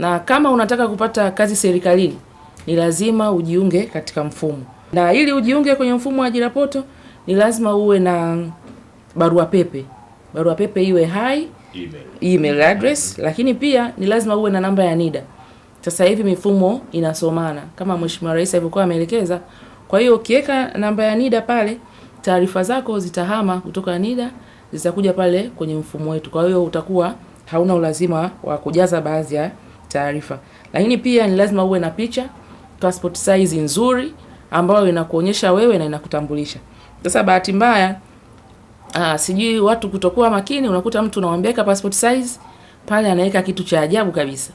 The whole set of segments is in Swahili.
na kama unataka kupata kazi serikalini ni lazima ujiunge katika mfumo, na ili ujiunge kwenye mfumo wa ajira poto ni lazima uwe na barua pepe. Barua pepe iwe hai email, email address, lakini pia ni lazima uwe na namba ya NIDA. Sasa hivi mifumo inasomana kama Mheshimiwa Rais alivyokuwa ameelekeza. Kwa hiyo ukiweka namba ya NIDA pale, taarifa zako zitahama kutoka NIDA zitakuja pale kwenye mfumo wetu. Kwa hiyo utakuwa hauna ulazima wa kujaza baadhi ya taarifa. Lakini pia ni lazima uwe na picha passport size nzuri ambayo inakuonyesha wewe na inakutambulisha. Sasa bahati mbaya ah, sijui watu kutokuwa makini, unakuta mtu unamwambia passport size pale anaweka kitu cha ajabu kabisa.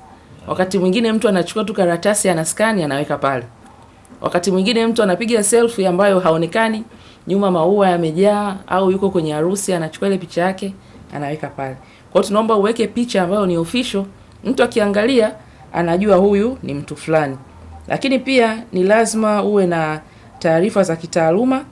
Wakati mwingine mtu anachukua tu karatasi anaskani anaweka pale. Wakati mwingine mtu anapiga selfie ambayo haonekani, nyuma maua yamejaa, au yuko kwenye harusi anachukua ile picha yake anaweka pale. Kwa hiyo tunaomba uweke picha ambayo ni official Mtu akiangalia anajua huyu ni mtu fulani. Lakini pia ni lazima uwe na taarifa za kitaaluma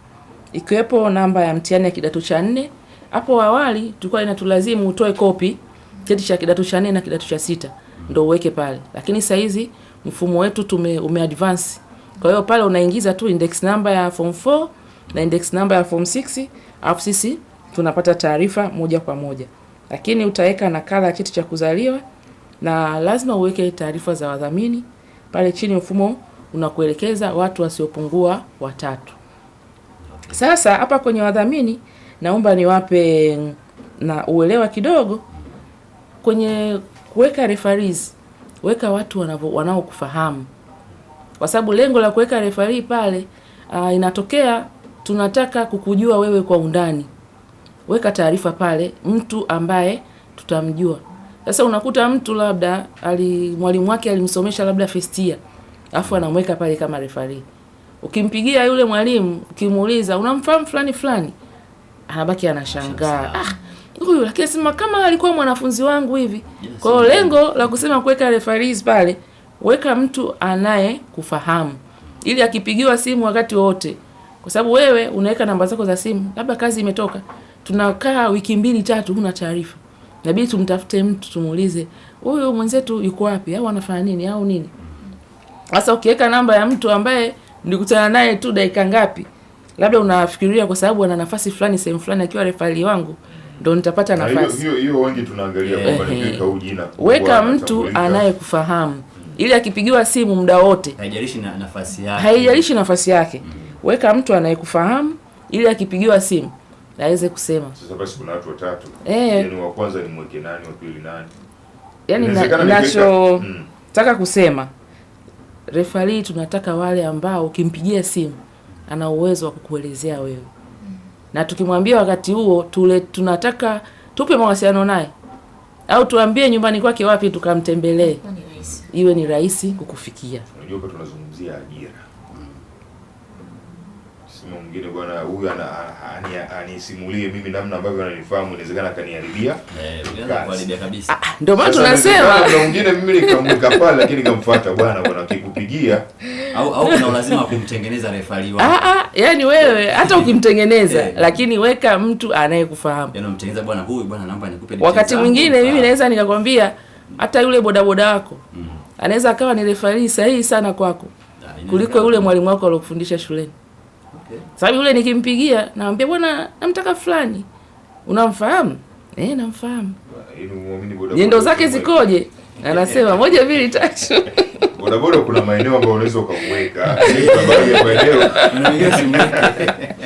ikiwepo namba ya mtihani ya kidato cha nne. Hapo awali tulikuwa inatulazimu utoe kopi cheti cha kidato cha nne na kidato cha sita ndo uweke pale, lakini sasa hizi mfumo wetu tume ume advance. Kwa hiyo pale unaingiza tu index number ya form 4 na index number ya form 6, afu sisi tunapata taarifa moja kwa moja, lakini utaweka nakala ya cheti cha kuzaliwa na lazima uweke taarifa za wadhamini pale chini, mfumo unakuelekeza watu wasiopungua watatu. Sasa hapa kwenye wadhamini, naomba niwape na uelewa kidogo kwenye kuweka referees, weka watu wanaokufahamu, kwa sababu lengo la kuweka referee pale, uh, inatokea tunataka kukujua wewe kwa undani. Weka taarifa pale, mtu ambaye tutamjua. Sasa unakuta mtu labda ali mwalimu wake alimsomesha labda first year, afu anamweka pale kama refari. Ukimpigia yule mwalimu ukimuuliza unamfahamu fulani fulani, anabaki anashangaa ah, huyu lakini sema kama alikuwa mwanafunzi wangu hivi. Kwa hiyo lengo la kusema kuweka referees pale, weka mtu anaye kufahamu ili akipigiwa simu wakati wote, kwa sababu wewe unaweka namba zako za simu, labda kazi imetoka, tunakaa wiki mbili tatu, huna taarifa. Inabidi tumtafute mtu tumuulize, huyu mwenzetu yuko wapi au anafanya nini au nini. Sasa ukiweka namba ya mtu ambaye nilikutana naye tu dakika ngapi, labda unafikiria kwa sababu ana nafasi fulani sehemu fulani, akiwa refali wangu ndo nitapata nafasi hiyo hiyo. Wengi tunaangalia kwamba nikiweka huyu jina, weka mtu anayekufahamu ili akipigiwa simu muda wote, haijalishi na nafasi yake, haijalishi nafasi yake, weka mtu anayekufahamu ili akipigiwa simu aweze kusema. Sasa basi kuna watu watatu. Eh. Yaani wa kwanza ni mweke nani, wa pili nani? Yaani nachotaka mm. taka kusema refari, tunataka wale ambao ukimpigia simu ana uwezo wa kukuelezea wewe na tukimwambia wakati huo tule, tunataka tupe mawasiliano naye au tuambie nyumbani kwake wapi tukamtembelee, iwe ni rahisi kukufikia. Unajua tunazungumzia ajira simu mwingine bwana huyu anisimulie mimi namna ambavyo ananifahamu, inawezekana akaniharibia. Eh, ah, ah, ndio maana tunasema na mwingine mimi nikamweka pale, lakini nikamfuata bwana bwana, akikupigia au au kuna lazima kumtengeneza refari wako. Ah ah, yani wewe hata ukimtengeneza, eh. lakini weka mtu anayekufahamu, yani mtengeneza bwana huyu bwana, naomba nikupe. Wakati mwingine mimi ah. naweza nikakwambia hata yule bodaboda wako mm. anaweza akawa ni refari sahihi sana kwako kuliko yule mwalimu wako aliyokufundisha shuleni. Okay. Sababu yule nikimpigia namwambia bwana namtaka fulani. Unamfahamu? Eh, namfahamu. Yaani Nyendo zake zikoje? Anasema moja mbili tatu. Bodaboda kuna maeneo ambayo unaweza ukaweka. Yaani